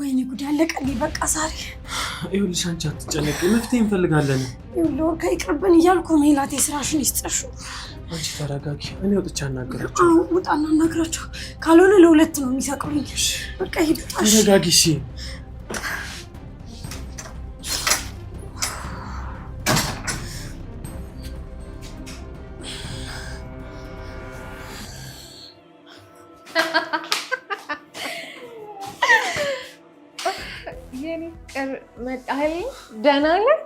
ወይኔ ጉድ አለቀ። በቃ ዛሬ ይኸውልሽ፣ አንቺ አትጨነቂ፣ መፍትሄ እንፈልጋለን። ይኸውልህ ወርካ ይቅርብን እያልኩ ሜላቴ ስራሽን ይስጠሹ። አንቺ ተረጋጊ፣ እኔ ወጥቼ አናግራቸው። ውጣ፣ እናናግራቸው። ካልሆነ ለሁለት ነው የሚሰቅሉኝ። በቃ ሂድ፣ ተረጋጊ። ደህና ነህ?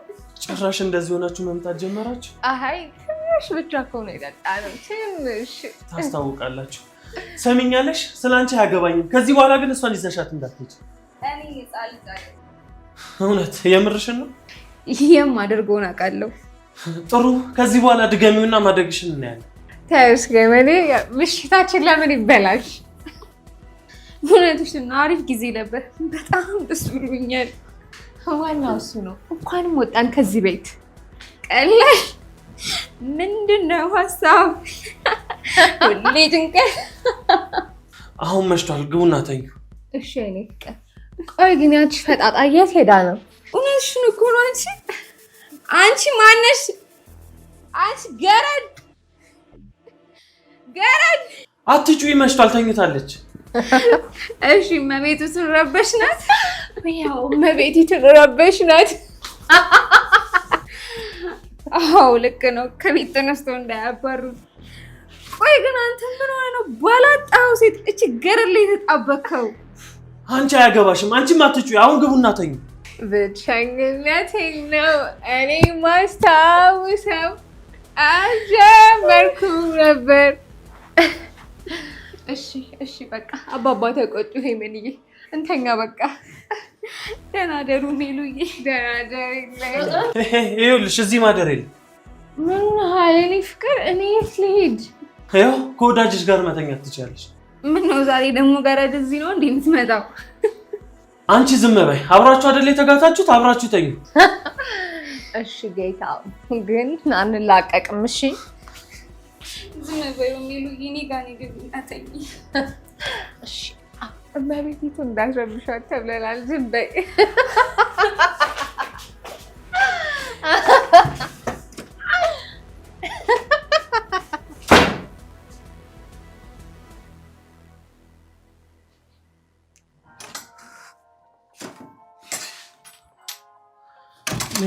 ጭራሽ እንደዚህ ሆናችሁ መምጣት ጀመራችሁ? አይ ትንሽ ብቻ እኮ ነው የጠጣነው። ትንሽ ታስታውቃላችሁ። ሰሚኛለሽ? ስለ አንቺ አያገባኝም። ከዚህ በኋላ ግን እሷን ይዘሻት እንዳትሄጂ። እውነት የምርሽን ነው? ይህም አድርጎን አውቃለሁ። ጥሩ፣ ከዚህ በኋላ ድገሚውና ማድረግሽን እናያለን። ታዩስ ገመኔ ምሽታችን ለምን ይበላሽ? እውነትሽን አሪፍ ጊዜ ነበር። በጣም ደስ ብሎኛል። ዋናው እሱ ነው። እንኳንም ወጣን ከዚህ ቤት። ቀላል ምንድን ነው ሀሳብ ሁሌ ጭንቀት። አሁን መሽቷል፣ ግቡና ተኙ። እሺ የእኔ ፍቅር። ቆይ ግን ፈጣጣ የት ሄዳ ነው? እውነትሽን እኮ ነው። አንቺ አንቺ ማነሽ? አንቺ ገረድ ገረድ። አትጩ፣ መሽቷል፣ ተኝታለች። እሺ መቤቱ ትረበሽ ናት። ያው መቤት ትረበሽ ናት። አዎ ልክ ነው። ከቤት ተነስቶ እንዳያባሩ። ቆይ ግን አንተ ምን ሆነ ነው ባላጣው ሴት እች ገረድ የተጣበከው? አንቺ አያገባሽም። አንቺም አትችይ። አሁን ግቡ ተኙ። ብቸኝነት ነው እኔ ማስታውሰው አጀመርኩ ነበር እሺ እሺ፣ በቃ አባባ ተቆጡ። ሄመንዬ እንተኛ በቃ። ደህና ደሩ ሜሉዬ። ደህና ደሩ። ይኸውልሽ እዚህ ማደር የለም። ምን ሀይሌ ፍቅር፣ እኔ የት ልሄድ? ይኸው ከወዳጅሽ ጋር መተኛት ትችላለሽ። ምን ነው ዛሬ ደግሞ ገረድ እዚህ ነው እንዴ የምትመጣው? አንቺ ዝም በይ። አብራችሁ አይደል የተጋታችሁት? አብራችሁ ተኙ። እሺ ጌታ ግን አንላቀቅም። እሺ ዝም በይ የሚሉ ይኔ ጋኔ ግብና ተኝ። እመቤቲቱ እንዳስረብሻት ተብለናል። ዝም በይ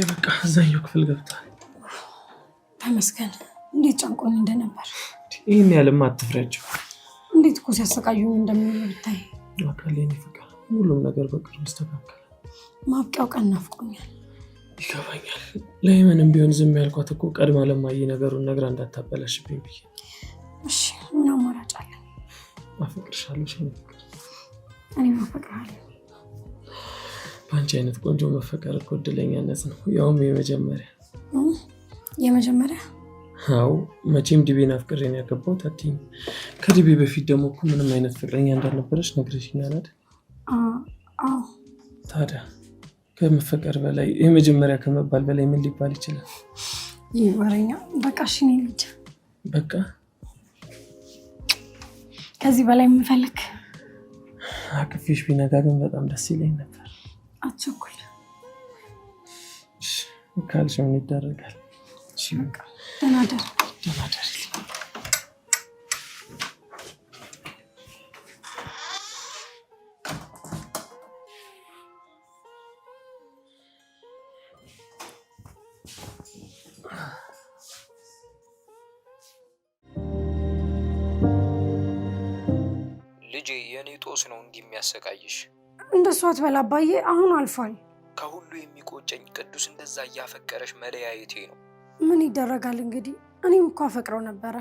በቃ እዛየው ክፍል ገብቷል ተመስገን እንዴት ጨንቆኝ እንደነበር ይህን ያለም አትፍረጅው። እንዴት እኮ ሲያሰቃዩኝ እንደሚውሉ ብታይ። አካሌን ፍቅር፣ ሁሉም ነገር በቅርብ ይስተካከላል። ማብቂያው ቀን ናፍቆኛል። ይገባኛል። ለይመንም ቢሆን ዝም ያልኳት እኮ ቀድማ ለማየ ነገሩን ነግራ እንዳታበላሽብኝ ብዬ። እሺ ምን አማራጭ አለ? አፈቅርሻለሁ። እኔ አፈቅርሃለሁ። በአንቺ አይነት ቆንጆ መፈቀር እኮ እድለኛነት ነው፣ ያውም የመጀመሪያ የመጀመሪያ አዎ መቼም ዲቤን አፍቅሬን ያገባሁት አትይኝ። ከዲቤ በፊት ደግሞ እኮ ምንም አይነት ፍቅረኛ እንዳልነበረች ነግረሽኛል አይደል? ታዲያ ከመፈቀር በላይ የመጀመሪያ ከመባል በላይ ምን ሊባል ይችላል? ይወረኛ በቃ እሺ፣ ልጅ በቃ ከዚህ በላይ የምፈልግ አቅፊሽ ቢነጋ ግን በጣም ደስ ይለኝ ነበር። አትቸኩል ካልሽ ምን ይደረጋል? እሺ በቃ ልጄ የእኔ ጦስ ነው እንዲህ የሚያሰቃይሽ። እንደሱ አትበላ አባዬ፣ አሁን አልፏል። ከሁሉ የሚቆጨኝ ቅዱስ እንደዛ እያፈቀረሽ መለያየቴ ነው። ምን ይደረጋል እንግዲህ። እኔም እኮ አፈቅረው ነበረ፣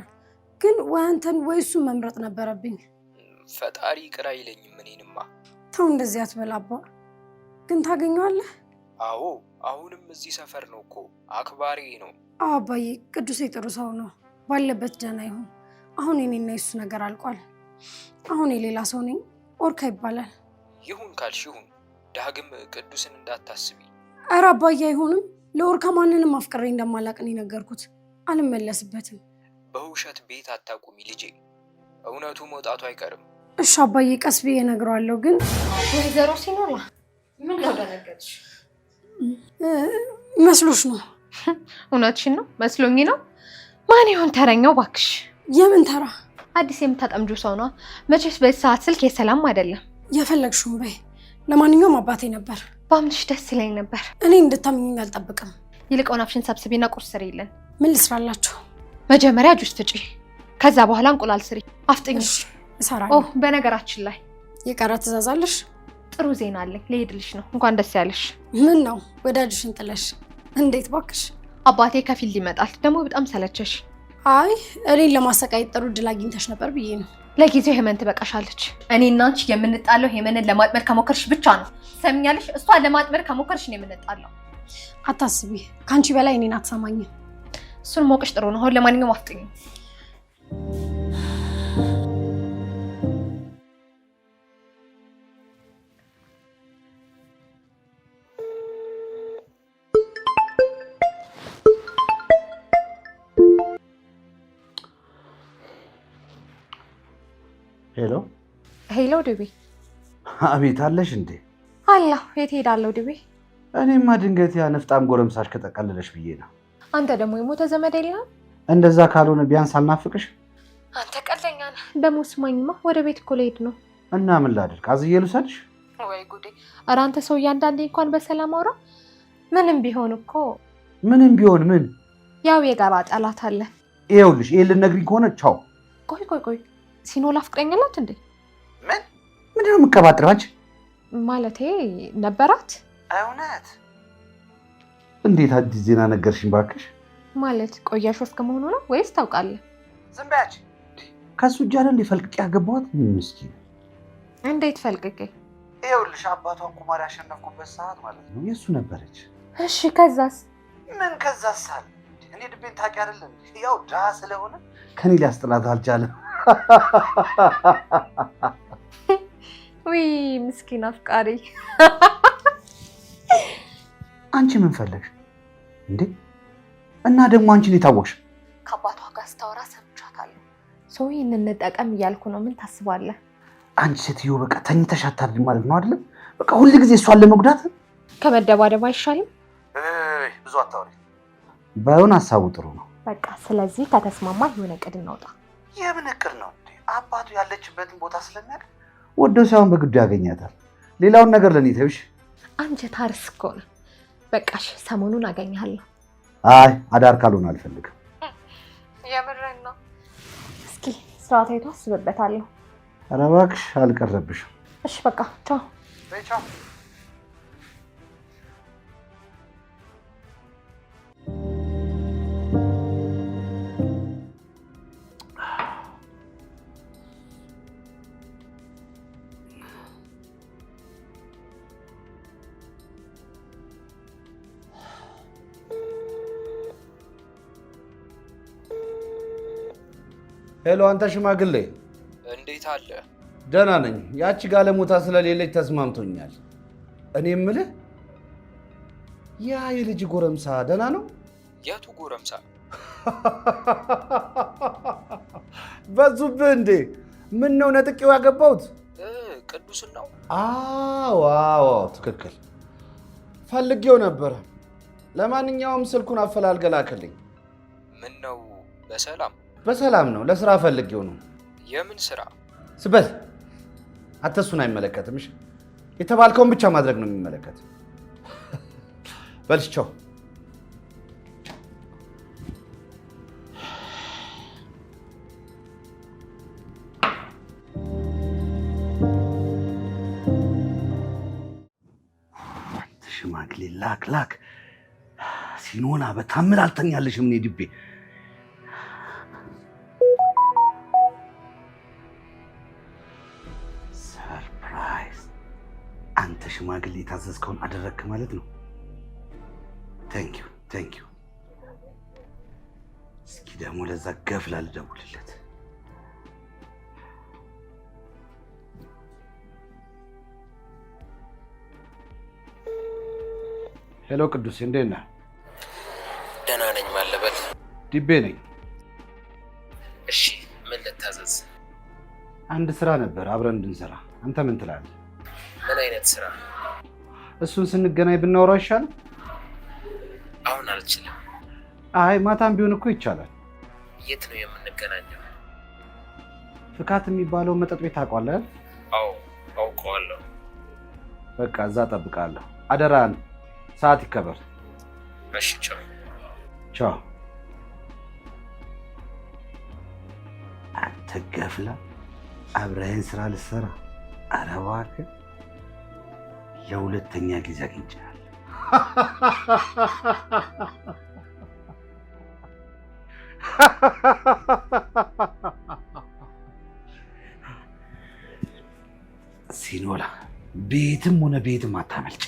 ግን ወይ አንተን ወይ መምረጥ ነበረብኝ። ፈጣሪ ይቅር አይለኝም እኔንማ። ተው እንደዚህ አትበል ግን ታገኘዋለህ? አዎ፣ አሁንም እዚህ ሰፈር ነው እኮ አክባሪ ነው። አዎ አባዬ፣ ቅዱሴ ጥሩ ሰው ነው። ባለበት ደህና ይሁን። አሁን የኔና የሱ ነገር አልቋል። አሁን የሌላ ሰው ነኝ። ኦርካ ይባላል። ይሁን ካልሽ ይሁን። ዳግም ቅዱስን እንዳታስቢ። ኧረ አባዬ አይሆንም። ለወርካ ማንንም አፍቅሬ እንደማላቅን የነገርኩት አልመለስበትም። በውሸት ቤት አታቁሚ ልጄ፣ እውነቱ መውጣቱ አይቀርም። እሺ አባዬ፣ ቀስ ብዬ እነግረዋለሁ። ግን ወይዘሮ ሲኖላ ምን ነው ደነገጥሽ? መስሎሽ ነው? እውነትሽን ነው መስሎኝ ነው። ማን ይሆን ተረኛው? ባክሽ የምን ተራ? አዲስ የምታጠምጁ ሰው ነዋ። መቼስ በዚህ ሰዓት ስልክ የሰላም አይደለም። የፈለግሽውን በይ። ለማንኛውም አባቴ ነበር በአምንሽ ደስ ይለኝ ነበር። እኔ እንድታምኝ አልጠብቅም። ይልቀውን አፍሽን ሰብስቢና ቁርስ ስሪ የለን። ምን ልስራላችሁ? መጀመሪያ ጁስ ትጪ፣ ከዛ በኋላ እንቁላል ስሪ። አፍጥኝ። እሰራለሁ። በነገራችን ላይ የቀረ ትእዛዝ ጥሩ ዜና አለኝ። ልሄድልሽ ነው። እንኳን ደስ ያለሽ። ምን ነው ወዳጅሽን ጥለሽ? እንዴት ባክሽ! አባቴ ከፊል ይመጣል። ደግሞ በጣም ሰለቸሽ። አይ እኔን ለማሰቃየት ጥሩ እድል አግኝተሽ ነበር ብዬ ነው ለጊዜው ሄመን ትበቃሻለች። እኔ እና አንቺ የምንጣለው ሄመንን ለማጥመድ ከሞከርሽ ብቻ ነው። ሰምኛለሽ? እሷን ለማጥመድ ከሞከርሽ ነው የምንጣለው። አታስቢ፣ ከአንቺ በላይ እኔን አትሰማኝም። እሱን ሞቅሽ ጥሩ ነው። አሁን ለማንኛውም አፍጥኝ ሄደው ድቤ? አቤት አለሽ እንዴ? አለሁ። የት ሄዳለሁ ድቤ? እኔማ ድንገት ያ ነፍጣም ጎረምሳሽ ከጠቀለለሽ ብዬ ነው። አንተ ደግሞ የሞተ ዘመድ የለም? እንደዛ ካልሆነ ቢያንስ አልናፍቅሽ? አንተ ቀለኛ ነህ። ደግሞ ስማኝማ ወደ ቤት እኮ ልሄድ ነው። እና ምን ላድርግ? አዝዬ ልውሰድሽ? ወይ ጉዴ! ኧረ አንተ ሰው እያንዳንዴ እንኳን በሰላም አውራ። ምንም ቢሆን እኮ ምንም ቢሆን ምን ያው የጋራ ጠላት አለ። ይኸውልሽ ይሄን ልትነግሪኝ ከሆነ ቻው። ቆይ ቆይ ቆይ፣ ሲኖላ ፍቅረኛ ናት እንዴ? ምንድን ነው የምትቀባጥረው አንቺ? ማለቴ ነበራት። እውነት? እንዴት አዲስ ዜና ነገርሽኝ ባክሽ? ማለት ቆያሹ መሆኑ ነው ወይስ ታውቃለህ? ዝም በያች። ከሱ እጅ አለ እንዴ ፈልቅቄ ያገባኋት? ምስኪን። እንዴት ፈልቅቅ? ይኸውልሽ አባቷን ቁማር ያሸነፍኩበት ሰዓት ማለት ነው የእሱ ነበረች። እሺ ከዛስ? ምን ከዛስ አለ እኔ ድቤን ታውቂያለሽ ያው ድሀ ስለሆነ ከኔ ሊያስጥላት አልቻለም። ውይ ምስኪን አፍቃሪ። አንቺ ምን ፈለግሽ እንዴ? እና ደግሞ አንቺ እንዴት ከአባቷ ጋር ስታወራ ሰምቻታለሁ። ሰው ይህንን እንጠቀም እያልኩ ነው። ምን ታስባለህ? አንቺ ሴትዮ በቃ ተኝተሽ አታድሪ ማለት ነው አይደለም? በቃ ሁል ጊዜ እሷን ለመጉዳት ከመደባደብ አይሻልም? ብዙ አታውሪ። ባይሆን ሀሳቡ ጥሩ ነው። በቃ ስለዚህ ከተስማማ የሆነ እቅድ እናውጣ። የምን እቅድ ነው? አባቱ ያለችበትን ቦታ ስለሚያውቅ ወደው ሳይሆን በግዱ ያገኛታል። ሌላውን ነገር ለኔ ተውሽ። አንቺ አርስ እኮ ነው። በቃሽ፣ ሰሞኑን አገኛለሁ። አይ አዳር ካልሆነ አልፈልግም። የምሬን ነው። እስኪ ስራ ታይቶ አስብበታለሁ። ኧረ እባክሽ አልቀረብሽም። እሺ በቃ ቻው። ቻው ሄሎ፣ አንተ ሽማግሌ እንዴት አለ? ደህና ነኝ። ያቺ ጋለሞታ ስለሌለች ተስማምቶኛል። እኔ የምልህ ያ የልጅ ጎረምሳ ደህና ነው? የቱ ጎረምሳ? በዙብህ እንዴ! ምን ነው ነጥቄው ያገባሁት ቅዱስን ነው? አዎ፣ አዎ፣ ትክክል። ፈልጌው ነበረ። ለማንኛውም ስልኩን አፈላልገላክልኝ። ምን ነው በሰላም በሰላም ነው። ለስራ ፈልጌው ነው። የምን ስራ? ስበት አተሱን አይመለከትም። እሺ የተባልከውን ብቻ ማድረግ ነው የሚመለከት። በልሽቸው ሽማግሌ ላክ ላክ ሲኖላ በታምር አልተኛለሽም። እኔ ድቤ ሽማግሌ የታዘዝከውን አደረግክ ማለት ነው። ታንኪ ዩ። እስኪ ደግሞ ለዛ ገፍላ ልደውልለት። ሄሎ ቅዱስ፣ እንዴት ነህ? ደህና ነኝ ማለበል ዲቤ ነኝ። እሺ ምን ልታዘዝ? አንድ ስራ ነበር አብረን እንድንሰራ። አንተ ምን ትላለህ? ምን አይነት ስራ? እሱን ስንገናኝ ብናወራው ይሻላል። አሁን አልችልም። አይ ማታም ቢሆን እኮ ይቻላል። የት ነው የምንገናኘው? ፍካት የሚባለው መጠጥ ቤት ታውቀዋለህ? አዎ አውቀዋለሁ። በቃ እዛ እጠብቅሃለሁ። አደራን። ሰዓት ይከበር። እሺ፣ ቻው ቻው። አንተ ገፍላ አብረህን ስራ ልትሰራ ኧረ ለሁለተኛ ጊዜ አግኝቻለሁ። ሲኖላ ቤትም ሆነ ቤትም አታመልጭ።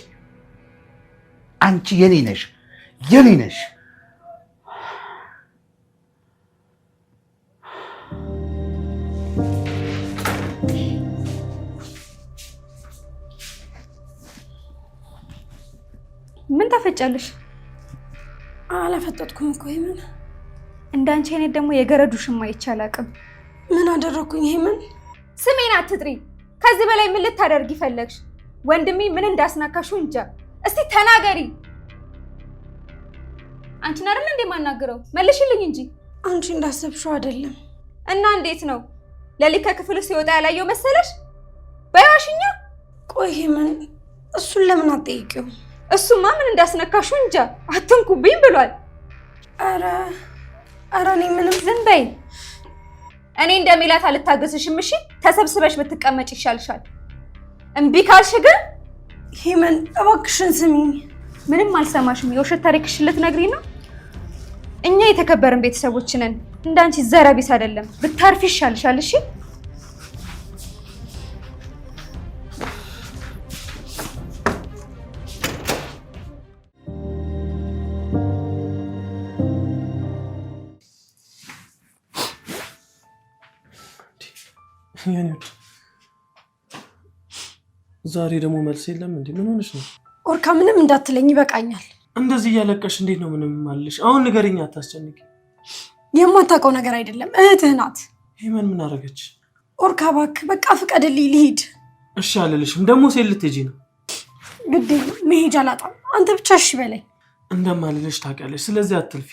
አንቺ የኔ ነሽ፣ የኔ ነሽ። ትፈጫለሽ። አላፈጠጥኩም እኮ ሄመን። እንዳንቺ አይነት ደግሞ የገረዱ ሽማ ይቻል አቅም ምን አደረግኩኝ? ሄመን ስሜን አትጥሪ። ከዚህ በላይ ምን ልታደርጊ ይፈለግሽ ወንድሜ ምን እንዳስናካሹ እንጃ። እስቲ ተናገሪ። አንቺን አይደል እንዴ ማናገረው? መልሽልኝ እንጂ አንቺ እንዳሰብሽው አይደለም። እና እንዴት ነው ለሊት ከክፍል ሲወጣ ያላየው መሰለሽ? በያሽኛ። ቆይ ሄመን እሱን ለምን አትጠይቂውም? እሱማ ምን እንዳስነካሹ እንጃ አትንኩብኝ ብሏል። አረ አረ እኔ ምንም ዝም በይ። እኔ እንደ ሜላት አልታገስሽም። እሺ ተሰብስበሽ ብትቀመጭ ይሻልሻል። እምቢ ካልሽ ግን ሄመን እባክሽን ስሚኝ። ምንም አልሰማሽም። የውሸት ታሪክሽን ልትነግሪ ነው? እኛ የተከበርን ቤተሰቦች ነን። እንዳንቺ ዘረቢስ አይደለም። ብታርፊ ይሻልሻል። እሺ የኔ ውድ ዛሬ ደግሞ መልስ የለም እንዴ? ምን ሆነሽ ነው? ኦርካ ምንም እንዳትለኝ ይበቃኛል። እንደዚህ እያለቀሽ እንዴት ነው ምንም አልልሽ? አሁን ንገሪኝ፣ አታስጨንቂ። የማታውቀው ነገር አይደለም፣ እህትህ ናት። ሄመን ምን አደረገች? ኦርካ እባክህ በቃ ፍቀድልኝ ልሂድ። እሺ አልልሽም። ደግሞ ሴት ልትሄጂ ነው? ግድ መሄጃ አላጣም። አንተ ብቻ እሺ በላይ እንደማልልሽ ታውቂያለሽ፣ ስለዚህ አትልፊ።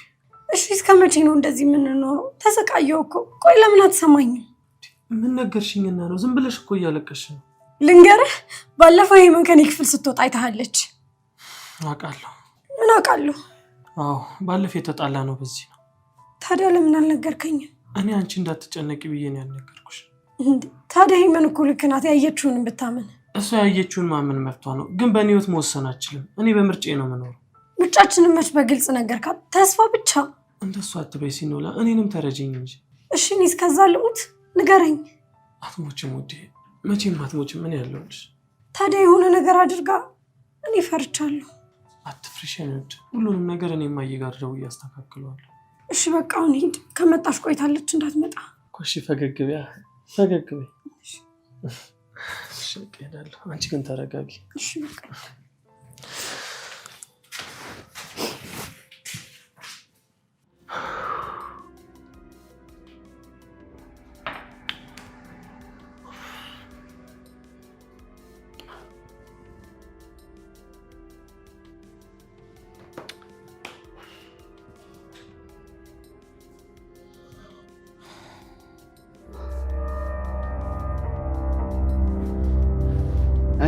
እሺ እስከ መቼ ነው እንደዚህ የምንኖረው? ተሰቃየው እኮ። ቆይ ለምን አትሰማኝም? ምን ነገርሽኝና ነው? ዝም ብለሽ እኮ እያለቀሽ ነው። ልንገርህ፣ ባለፈው ይሄ ምን ከኔ ክፍል ስትወጣ አይታሃለች። አውቃለሁ። ምን አውቃለሁ? አዎ፣ ባለፈው የተጣላ ነው። በዚህ ነው። ታዲያ ለምን አልነገርከኝም? እኔ አንቺ እንዳትጨነቂ ብዬ ነው ያልነገርኩሽ። ታዲያ ይሄ እኮ ልክ ናት። ያየችውን ብታምን እሷ ያየችውን ማመን መብቷ ነው፣ ግን በእኔ ህይወት መወሰን አችልም። እኔ በምርጬ ነው የምኖረው። ምርጫችንን መች በግልጽ ነገርካት። ተስፋ ብቻ እንደሱ አትበይ ሲኖላ፣ እኔንም ተረጅኝ እንጂ እሺ። እኔ እስከዛ ልሙት ንገረኝ። አትሞችም ውዴ፣ መቼም አትሞችም። ምን ያለውልሽ ታዲያ? የሆነ ነገር አድርጋ እኔ ፈርቻለሁ። አትፍርሽን ውድ፣ ሁሉንም ነገር እኔ ማየ ጋር ደውዬ እያስተካክለዋለሁ። እሺ በቃ አሁን ሂድ። ከመጣሽ ቆይታለች፣ እንዳትመጣ እኮ። እሺ ፈገግ በይ፣ ፈገግ በይ። እሺ እሄዳለሁ። አንቺ ግን ተረጋጊ እሺ በቃ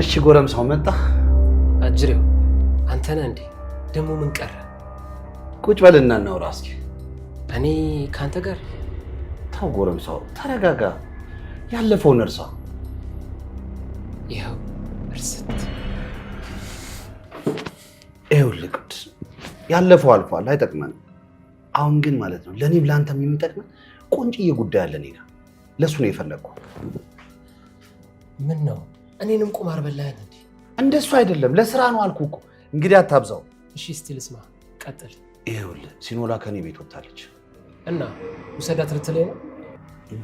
እሺ ጎረምሳው መጣ። አጅሬው አንተ ነህ እንዴ? ደግሞ ምን ቀረ? ቁጭ በልና እናውራ እስኪ። እኔ ከአንተ ጋር ተው። ጎረምሳው ተረጋጋ፣ ያለፈውን እርሳ። ይኸው እርስት ይኸው ልቅድ ያለፈው አልፏል፣ አይጠቅመንም። አሁን ግን ማለት ነው ለእኔም ለአንተም የሚጠቅመን ቆንጭዬ ጉዳይ አለ እኔ ጋር። ለእሱ ነው የፈለግኩ። ምን ነው እኔንም ቁማር በላኝ እንዴ? እንደሱ አይደለም፣ ለስራ ነው አልኩ እኮ። እንግዲህ አታብዛው። እሺ፣ እስቲ ልስማ፣ ቀጥል። ይኸውልህ ሲኖላ ከኔ ቤት ወጣለች እና ውሰዳት ልትለኝ ነው?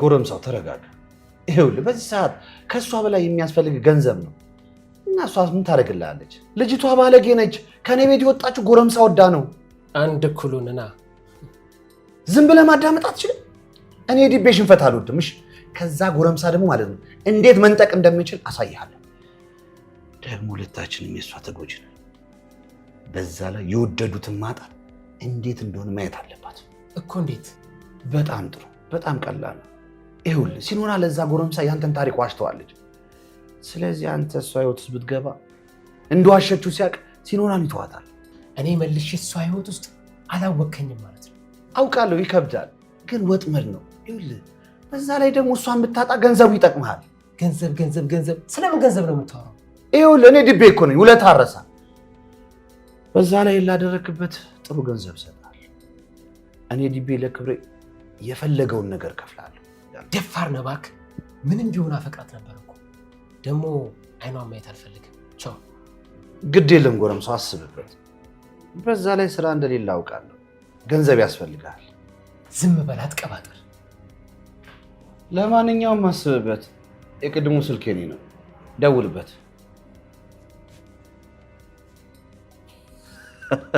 ጎረምሳው ተረጋጋ። ይኸውልህ በዚህ ሰዓት ከእሷ በላይ የሚያስፈልግ ገንዘብ ነው እና እሷ ምን ታደርግልሃለች? ልጅቷ ባለጌ ነች። ከኔ ቤት የወጣችው ጎረምሳ ወዳ ነው። አንድ እኩሉንና ዝም ብለህ ማዳመጥ አትችልም። እኔ ዲቤ ሽንፈት አልወድም። እሺ ከዛ ጎረምሳ ደግሞ ማለት ነው እንዴት መንጠቅ እንደሚችል አሳይሃለሁ። ደግሞ ሁለታችንም የእሷ ተጎጂ ነን። በዛ ላይ የወደዱትን ማጣት እንዴት እንደሆነ ማየት አለባት እኮ። እንዴት? በጣም ጥሩ፣ በጣም ቀላል ነው። ይኸውልህ ሲኖራ ለዛ ጎረምሳ ያንተን ታሪክ ዋሽተዋለች። ስለዚህ አንተ እሷ ህይወት ውስጥ ብትገባ እንደዋሸችው ሲያቅ ሲኖላን ይተዋታል። እኔ መልሼ እሷ ህይወት ውስጥ አላወቀኝም ማለት ነው። አውቃለሁ፣ ይከብዳል፣ ግን ወጥመድ ነው። ይኸውልህ በዛ ላይ ደግሞ እሷን ብታጣ ገንዘቡ ይጠቅምሃል። ገንዘብ ገንዘብ ገንዘብ፣ ስለምን ገንዘብ ነው የምታወራው? ይኸውልህ እኔ ድቤ እኮ ነኝ፣ ውለታ አረሳ። በዛ ላይ ላደረክበት ጥሩ ገንዘብ ሰጣል። እኔ ድቤ ለክብሬ የፈለገውን ነገር ከፍላለሁ። ደፋር ነህ እባክህ። ምንም ቢሆን አፈቅራት ነበር እኮ ደግሞ አይኗን ማየት አልፈልግም። ቻው። ግድ የለም ጎረምሳው፣ አስብበት። በዛ ላይ ስራ እንደሌለ አውቃለሁ። ገንዘብ ያስፈልጋል። ዝም በላት ቀባጥር ለማንኛውም ማስብበት የቅድሙ ስልክ የኔ ነው፣ ደውልበት።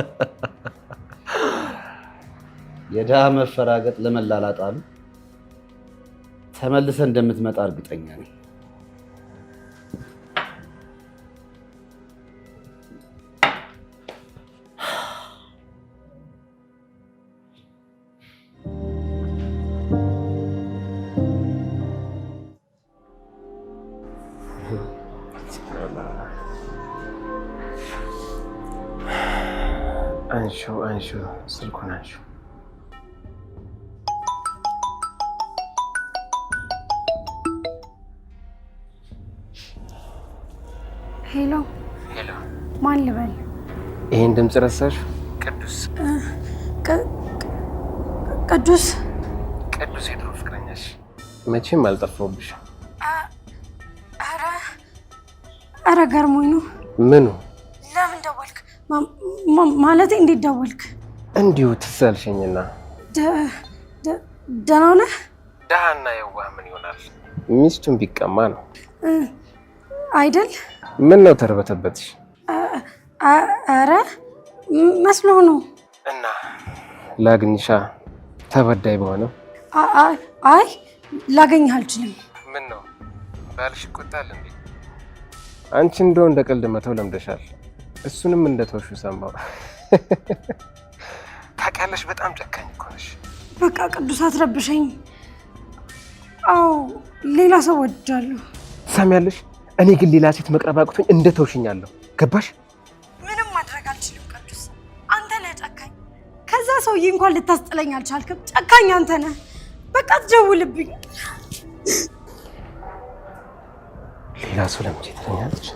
የድሃ መፈራገጥ ለመላላጣሉ ተመልሰ እንደምትመጣ እርግጠኛ ነኝ። አንሹ አንሹ፣ ስልኩን አንሹ። ሄሎ ሄሎ፣ ማን ልበል? ይሄን ድምፅ ረሳሽ? ቅዱስ ቅዱስ ቅዱስ፣ የድሮ ፍቅረኛሽ መቼም አልጠፋሁብሽ። ኧረ ኧረ ገርሞኝ ነው ምኑ ማለት እንዴት ደወልክ? እንዲሁ ትዝ አልሽኝና። ደህና ነህ? ደሃና የዋህ ምን ይሆናል? ሚስቱን ቢቀማ ነው አይደል? ምን ነው ተርበተበትሽ? አረ መስሎ ነው። እና ላግኝሻ ተበዳይ በሆነ አይ ላገኝህ አልችልም። ምን ነው ባልሽ ይቆጣል እንዴ? አንቺ እንደው እንደ ቀልድ መተው ለምደሻል። እሱንም እንደተወሹ ሰማው ታውቂያለሽ፣ በጣም ጨካኝ እኮ ነሽ። በቃ ቅዱስ አትረብሸኝ። አዎ ሌላ ሰው ወድጃለሁ። ትሰሚያለሽ? እኔ ግን ሌላ ሴት መቅረብ አቅቶኝ እንደተውሽኛለሁ። ገባሽ? ምንም ማድረግ አልችልም ቅዱስ። አንተ ነህ ጨካኝ። ከዛ ሰውዬ እንኳን ልታስጥለኝ አልቻልክም። ጨካኝ አንተ ነህ። በቃ ትደውልብኝ። ሌላ ሰው ለምቼ ትለኛለች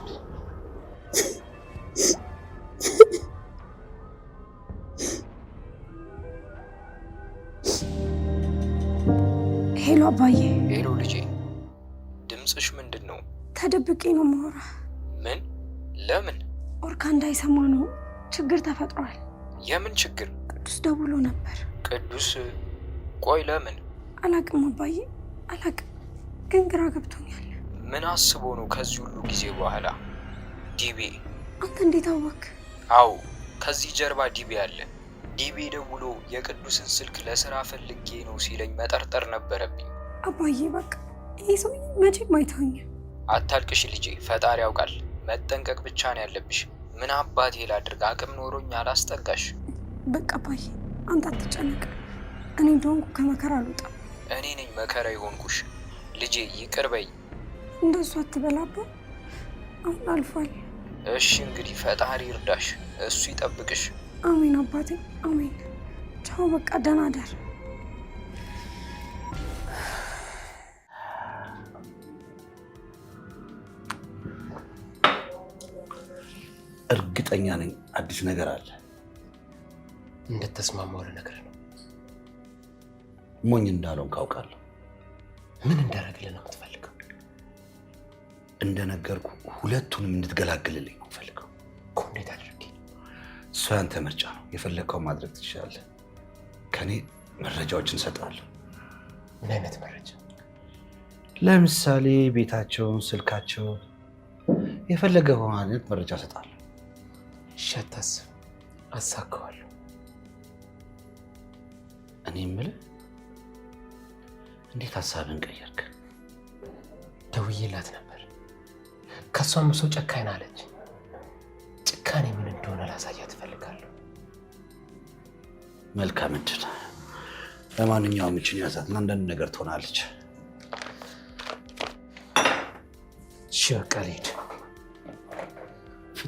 አባዬ። ሄሎ ልጄ፣ ድምፅሽ ምንድን ነው? ተደብቄ ነው መሆራ። ምን? ለምን? ኦርካ እንዳይሰማ ነው። ችግር ተፈጥሯል። የምን ችግር? ቅዱስ ደውሎ ነበር። ቅዱስ? ቆይ ለምን? አላቅም አባዬ፣ አላቅም። ግን ግራ ገብቶኛል። ምን አስቦ ነው ከዚህ ሁሉ ጊዜ በኋላ? ዲቤ፣ አንተ እንዴት አወክ? አዎ፣ ከዚህ ጀርባ ዲቤ አለ። ዲቤ ደውሎ የቅዱስን ስልክ ለስራ ፈልጌ ነው ሲለኝ መጠርጠር ነበረብኝ። አባዬ በቃ ይሄ ሰው መቼም አይታኝ። አታልቅሽ ልጄ፣ ፈጣሪ ያውቃል። መጠንቀቅ ብቻ ነው ያለብሽ። ምን አባቴ ላድርግ? አቅም ኖሮኝ አላስጠጋሽ። በቃ አባዬ አንተ አትጨነቅ። እኔ እንደሆንኩ ከመከራ አልወጣም። እኔ ነኝ መከራ የሆንኩሽ ልጄ፣ ይቅር በይ። እንደሱ አትበላባ። አሁን አልፏል። እሺ እንግዲህ ፈጣሪ ይርዳሽ፣ እሱ ይጠብቅሽ። አሜን አባቴ አሜን። ቻው በቃ ደህና ደር እርግጠኛ ነኝ አዲስ ነገር አለ። እንደተስማማው ነገር ነው። ሞኝ እንዳለውን ካውቃለሁ። ምን እንዳደረግልህ ነው የምትፈልገው? እንደነገርኩ ሁለቱንም እንድትገላግልልኝ ነው የምፈልገው። እኮ እንዴት አድርጌ? እሱ ያንተ ምርጫ ነው። የፈለግከው ማድረግ ትችላለህ። ከእኔ መረጃዎችን እሰጥሃለሁ። ምን አይነት መረጃ? ለምሳሌ ቤታቸውን፣ ስልካቸውን፣ የፈለገ አይነት መረጃ እሰጥሃለሁ። ሸተስብ አሳካዋለሁ። እኔ የምልህ እንዴት ሀሳብን ቀየርክ? ደውዬላት ነበር። ከእሷም ሰው ጨካኝ አለች። ጭካኔ ምን እንደሆነ ላሳያት እፈልጋለሁ። መልካም እንትን ለማንኛውም እችን ያዛት፣ አንዳንድ ነገር ትሆናለች። እሺ በቃ ልሂድ።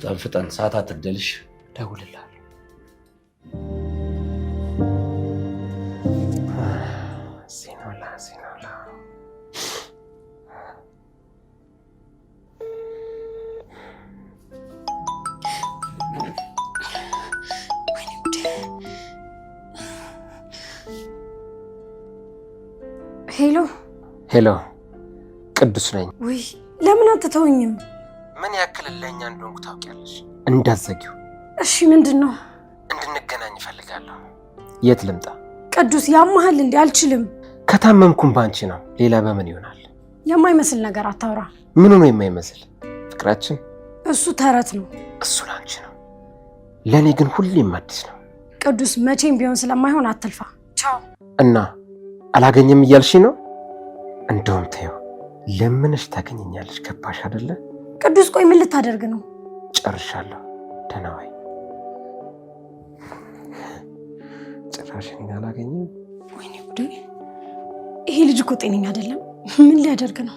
ፍጠን ፍጠን፣ ሰዓት አትግደልሽ። ደውልልሃል። ሄሎ ሄሎ፣ ቅዱስ ነኝ። ውይ ለምን አትተውኝም? በትክክል ለእኛ እንደሆንኩ ታውቂያለሽ። እንዳትዘጊው እሺ። ምንድን ነው? እንድንገናኝ እፈልጋለሁ። የት ልምጣ? ቅዱስ ያማሃል እንዴ? አልችልም። ከታመምኩም ባንቺ ነው፣ ሌላ በምን ይሆናል? የማይመስል ነገር አታውራ። ምኑ ነው የማይመስል? ፍቅራችን እሱ ተረት ነው። እሱ ላንቺ ነው፣ ለእኔ ግን ሁሌም አዲስ ነው። ቅዱስ መቼም ቢሆን ስለማይሆን አትልፋ። ቻው። እና አላገኘም እያልሽ ነው? እንደውም ተይው፣ ለምንሽ ታገኘኛለች ገባሽ አይደለ? ቅዱስ ቆይ ምን ልታደርግ ነው? ጨርሻለሁ። ደህና ዋይ። ጭራሽ እኔን ወይኔ ጉዴ! ይሄ ልጅ እኮ ጤነኛ አይደለም። ምን ሊያደርግ ነው?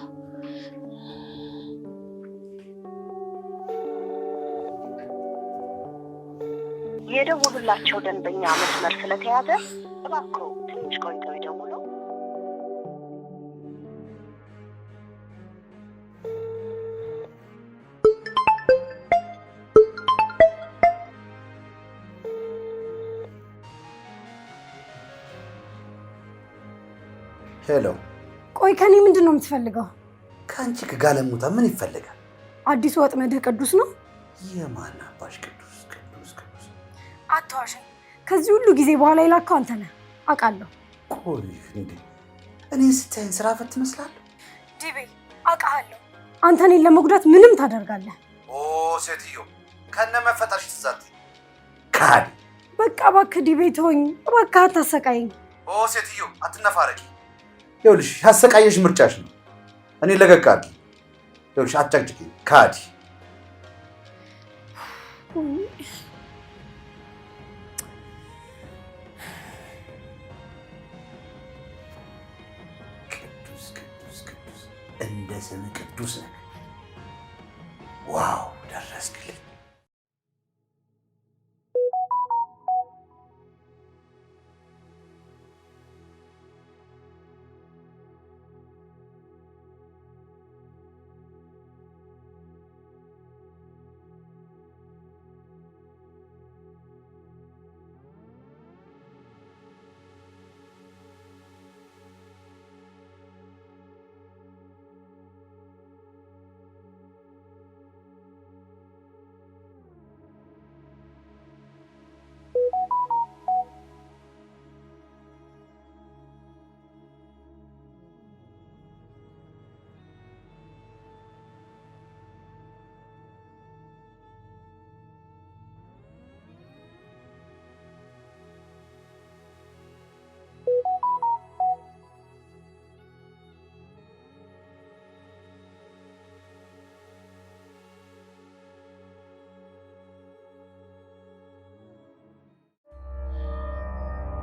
የደውሉላቸው ደንበኛ መስመር ስለተያዘ እባክዎ ሄሎ። ቆይ ከኔ ምንድን ነው የምትፈልገው? ከአንቺ ከጋለሞታ ምን ይፈልጋል? አዲሱ ወጥመድህ ቅዱስ ነው። የማን አባሽ ቅዱስ? ቅዱስ ቅዱስ አታዋሽኝ። ከዚህ ሁሉ ጊዜ በኋላ የላከው አንተ ነህ አውቃለሁ። ቆይ እንዴ እኔን ስታይን ስራ ፈት ትመስላለህ? ዲቤ አውቃለሁ። አንተ እኔን ለመጉዳት ምንም ታደርጋለህ። ኦ ሴትዮ ከነ መፈጠርሽ ትዛት ካድ በቃ እባክህ ዲቤ ተወኝ እባክህ፣ አታሰቃይኝ። ኦ ሴትዮ አትነፋረቂ ይኸውልሽ ያሰቃየሽ ምርጫሽ ነው። እኔ ለቀቅ አድርጊ። ይኸውልሽ አጫጭቂ ካዲ ቅዱስ ቅዱስ ቅዱስ እንደ ስም ቅዱስ ነው። ዋው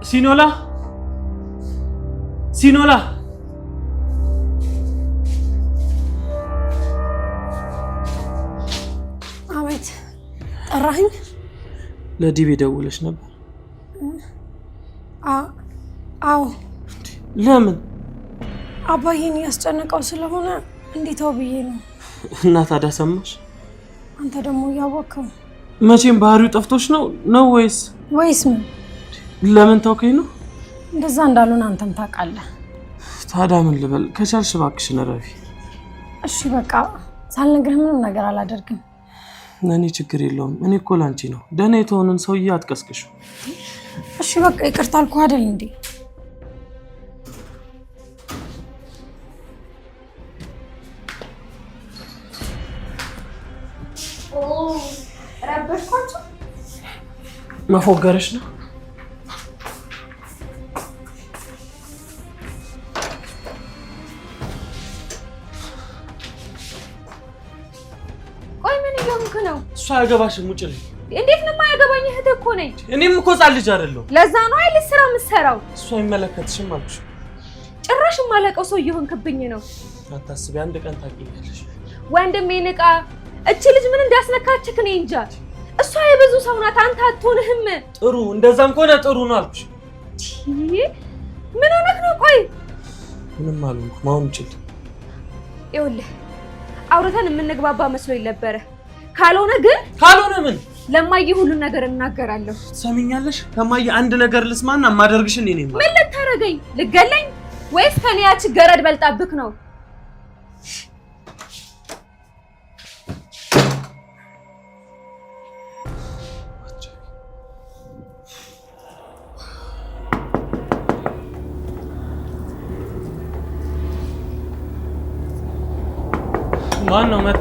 ሲኖላ ሲኖላ አቤት ጠራኸኝ ለዲብ ደውለሽ ነበር አዎ ለምን አባዬን ያስጨነቀው ስለሆነ እንዴታው ብዬ ነው እና ታዲያ ሰማሽ አንተ ደግሞ እያወቅኸው መቼም ባህሪው ጠፍቶች ነው ነው ወይስ ወይስ ምን ለምን ታውከኝ ነው? እንደዛ እንዳሉን አንተም ታውቃለህ። ታዲያ ምን ልበል? ከቻልሽ እባክሽን እረፊ። እሺ በቃ ሳልነግርህ ምንም ነገር አላደርግም። እኔ ችግር የለውም። እኔ እኮ ላንቺ ነው። ደህና የተሆንን ሰውዬ አትቀስቅሹ። እሺ በቃ ይቅርታ አልኩህ አይደል እንዴ? መፎገረሽ ነው አያገባሽም፣ ውጭልኝ። እንዴት ነው የማያገባኝ? እህት እኮ ነኝ። እኔም እኮ ህፃን ልጅ አይደለሁ። ለዛ ነው አይል ስራ የምትሰራው። እሱ አይመለከትሽም አልኩሽ። ጭራሽ የማለቀው ሰው እየሆንክብኝ ነው። አታስቢ፣ አንድ ቀን ታውቂኛለሽ። ወንድሜ ንቃ። እቺ ልጅ ምን እንዳስነካችክ እኔ እንጃ። እሷ የብዙ ሰው ናት፣ አንተ አትሆንህም። ጥሩ፣ እንደዛም ከሆነ ጥሩ ነው አልኩሽ። ምን ሆነህ ነው? ቆይ ምንም አልሆንኩም። አሁን ይችል ይኸውልህ፣ አውርተን የምንግባባ መስሎኝ ነበረ ካልሆነ ግን ካልሆነ ምን ለማየ ሁሉን ነገር እናገራለሁ። ሰሚኛለሽ? ከማየ አንድ ነገር ልስማና ማደርግሽ እኔ ነኝ። ምን ልታረገኝ? ልገለኝ ወይስ ከኔ ያቺ ገረድ በልጣብክ ነው? ማን ነው